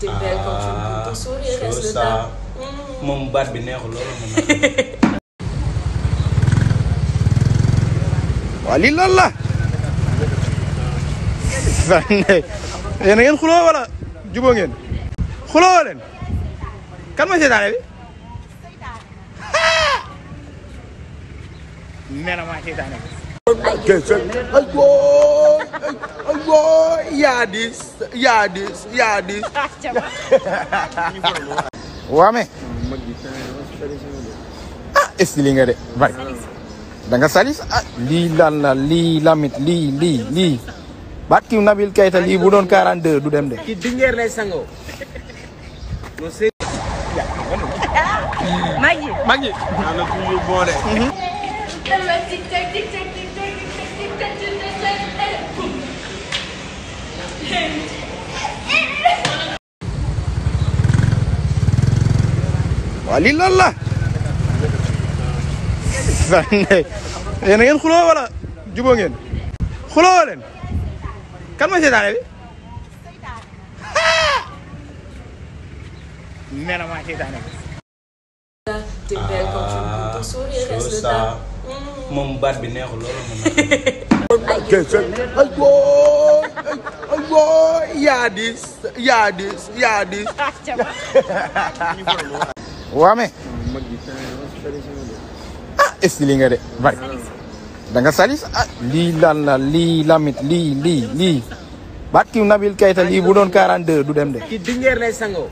Dimbel comme tu me peux toujours il reste le temps moom baat bi neexul loolu waaw lii lan la yéen a ngeen xuloo wala juboo ngeen xuloo leen kan mooy seetaane bi nee na maa seetaane bi yaa diis yaa diis yaa diis. Ah, waa mais. ah estili nga de bari. da nga salis ah lii lan la lii lamit lii lii lii. baat kiw Nabil Keita lii bu doon 42 du dem de. ki dingeer lay sangoo. Maggi. Maggi. waaw lii lan la. yéen a ngeen xuloo wala jubóo ngeen. xuloo leen. kan mooy seytaane bi. nee na maa seytaane bi. ah soo saa moom baat bi neexul loolu Aywa yaa dis yaa dis yaa dis ah, waame ah estili nga de bari da nga salis ah lii lan la lii lamit lii lii lii baat ki Nabil Keita lii bu doon 42 du dem de ki dingeer lay sangoo